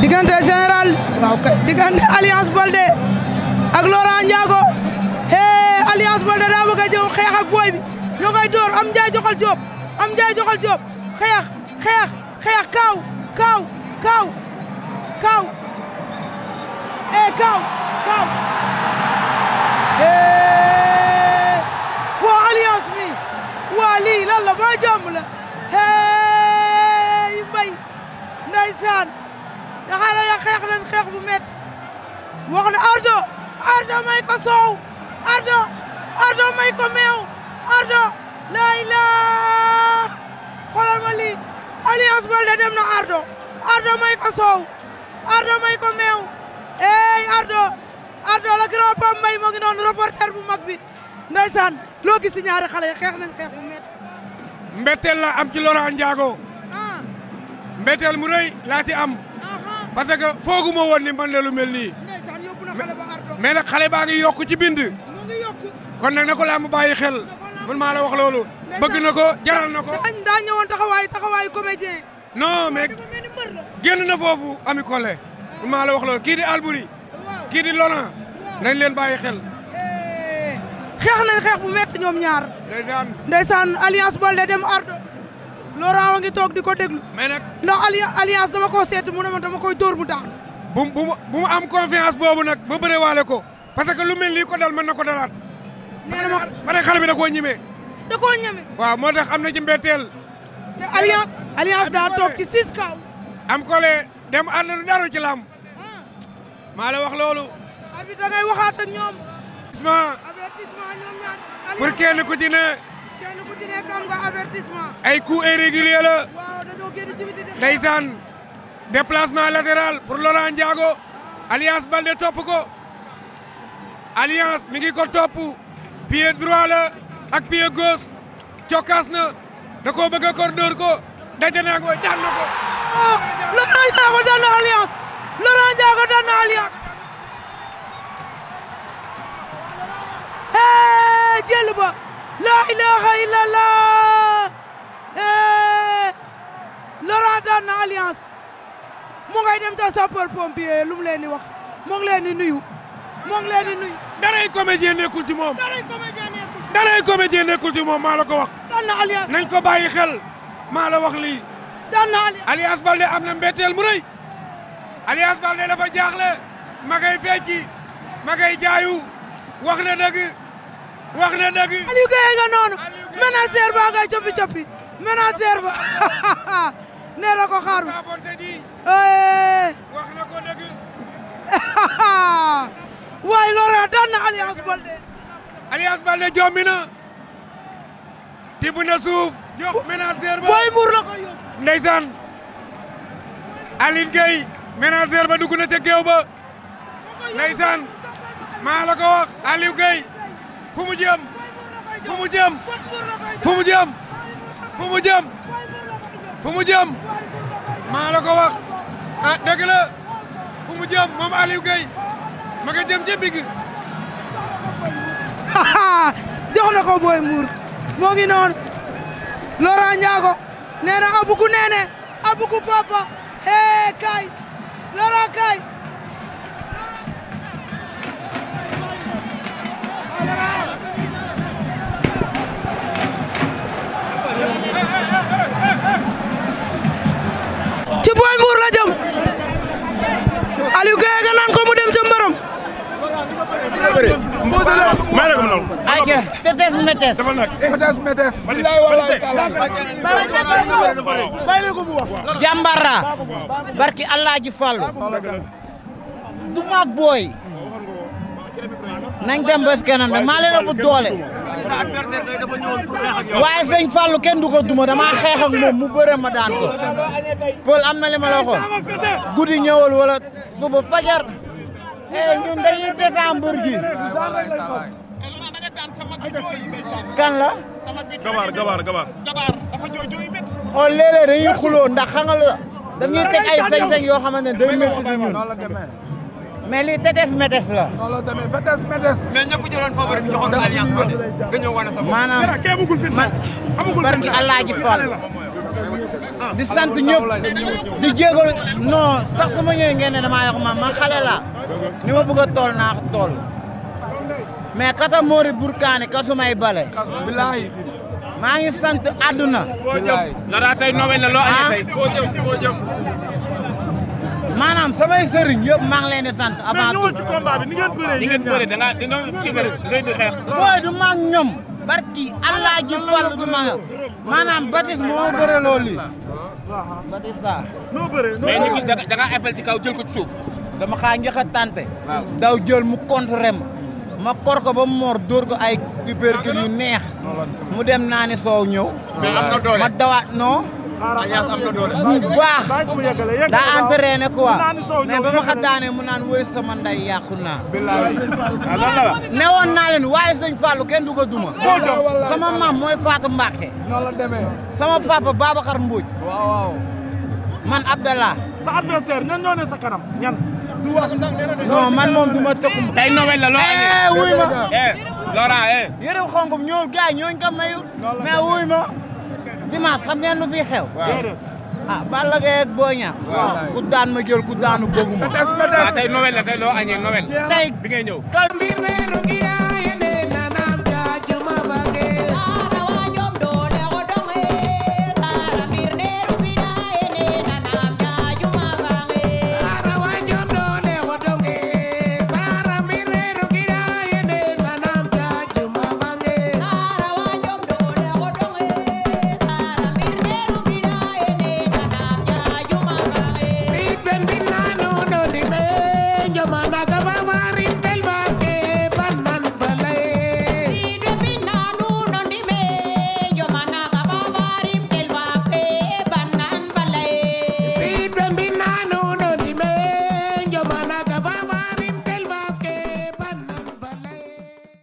diggante général diggante alliance Baldé ak Laurent Ndiago hey alliance Baldé daa bëgg a jëw xeex ak booy bi ñu door am njaay joxal Jóob am njaay joxal Jóob xeex xeex xeex kaaw kaaw kaaw kaaw eh wax na Ardo Ardo may ko soow Ardo Ardo may ko meew Ardo laay laa xoolal ma lii Alliance Baldé dem na Ardo Ardo may ko soow Ardo may ko meew ey Ardo Ardo la grand pam may moo ngi noonu reporter bu mag bi ndeysaan loo gis ñaari xale yi xeex nañ xeex bu métti mbetteel la am ci Laurent Ndiago ah. mu rëy laa ci am parce que foogu ma woon ni man la mel nii mais nag xale baa ngi yokk ci bind. kon nag na ko làmb bàyyi xel man maa la wax loolu. bëgg na ko jaral na ko. daa ñëwoon taxawaayu taxawaayu comédien. non mais génn na foofu ami Collé. man maa la wax loolu kii di Albouri. kii di Lona. nañ leen bàyyi xel. Eh. xeex nañ xeex bu metti ñoom ñaar. ndeysaan ndeysaan alliance Bolde dem Ardo. Laurent wa ngi toog di ko déglu. mais nag dama koo seeti mu ne ma dama koy dóor bu daan. bu bu bu mu am confiance boobu nag ba bëre waale ko parce que lu mel nii ko dal mën na ko dalaat. nee ma ba bi da koo ñemee. da koo ñemee. waaw moo tax am na ci mbetteel. te alliance alliance daa toog ci six kaw. am kole dem ànd du dara ci làmb. Ah. maa la wax loolu. abi ngay waxaat ak ñoom. avertissement. avertissement ku ci ne. kenn ku ay coups irréguliers la. waaw dañoo déplacement latéral pour Laurent Ndiago Alliance Baldé topp ko Alliance mi ngi ko topp pied droit ak pied gauche cokkaas na da koo bëgg a cordoor ko daje ko daan na ko. Ah, Laurent Ndiago daan na Alliance Laurent Ndiago daan na ba la ilaha illallah Laurent daan na Alliance. mu ngay dem ca sapeur pompier lu mu leen di wax mu ngi leen di nuyu mu ngi leen di nuyu. daray comédien ci moom. daray comédien nekkul ci moom. daray comédien ci moom maa la ko wax. na Alliance nañ ko bàyyi xel maa la wax lii. daan na Alliance Alliance Baldé am na mbetteel mu rëy Alliance Baldé dafa jaaxle ma ngay fecci ma ngay jaayu wax na dëgg wax na dëgg. Aliou Gueye nga noonu ménagère ba ngay coppi coppi ménagère ba nee na ko wax na ko léegi. waaye Laurent daan na Alliance Baldé. Alliance na. tibb na suuf. jox ménagère ba booy muur la ko yóbbu. ndeysaan Aline Gueye ba dugg na ca géew ba. ndeysaan maa la wax Aliou Gueye fu mu jëm. fu mu jëm fu mu jëm fu mu jëm fu mu jëm. maa la ko wax ah dëgg la fu mu jëm moom Aliou Gueye ma nga jëm moo ngi noonu Laurent Ndiago nee na abugu nene abugu papa hee kaay Laurent kaay bëre. mboose la may ko noonu. ayca te tees metees. dafa nag metees metees. bilaay barki Alaaji Fàllu. du booy. nañ dem bés kanam de maa leen ëpp doole. waaye sëñ Fallou kenn du ko duma damaa xeex ak moom mu bëre ma daan ko. Paul am na li ma la waxoon. guddi ñëwal wala suba fajar. eh ñun dañuy décembre gi. kan la. gabaar gabaar gabaar. xool léeg-léeg dañuy xuloo ndax xam nga la dañuy teg ay sañ-sañ yoo xamante ne day métti ñun. mais tetes metes la. looloo demee fetes metes. mais ñëpp jëloon favori bi joxoon alliance Fodé. nga ñëw wane maanaam man barki allah di sant ñëpp di jégalu non sax su ma ñëwee ngeen ne damaa ma man ni ma bëgg a tool naa ko tool mais kata moori burkaani kasumay bale bilaay maa ngi sant àdduna foo jëm la daa tey nowel la loo añee tey ah. foo jëm foo maa ngi leen sant avant tout bi ni ngeen bëree ni ngeen bëree da nga dina ci bëri du maag ñoom barki allah ji fàll du ma ah, maanaam batis moo bëre loolu yi batis da mais ñu ci kaw jël ko ci dama xaa njaxatante daw jël mu contre ma ma kor ko ba mu moor dóor ko ay uppercut yu neex mu dem naa ni soow ñëw ma dawaat non ah, bu baax daa entraîné quoi mais ba ma xa daanee mu naan woy sama nday yàqu naa ah, ne woon naa leen waaye sañ Fallou kenn du ko duma sama maam mooy Fatou Mbacke sama papa Babacar Mbodj man Abdallah sa adversaire ñan ñoo ne sa kanam ñan du wax non moom du ma tëkkum. tey Noël la loo andi. Eh, wuy ma. Eh, Laurent eh. yërëm xonk bi ñoom gars ñooñu ko mayut. mais wuy ma dimanche xam ngeen lu fi a ah Gaye ak ku daan ma jël ku daanu bëgguma. Ah, tey Noël la tey loo añee Noël. tey bi ngay ñëw.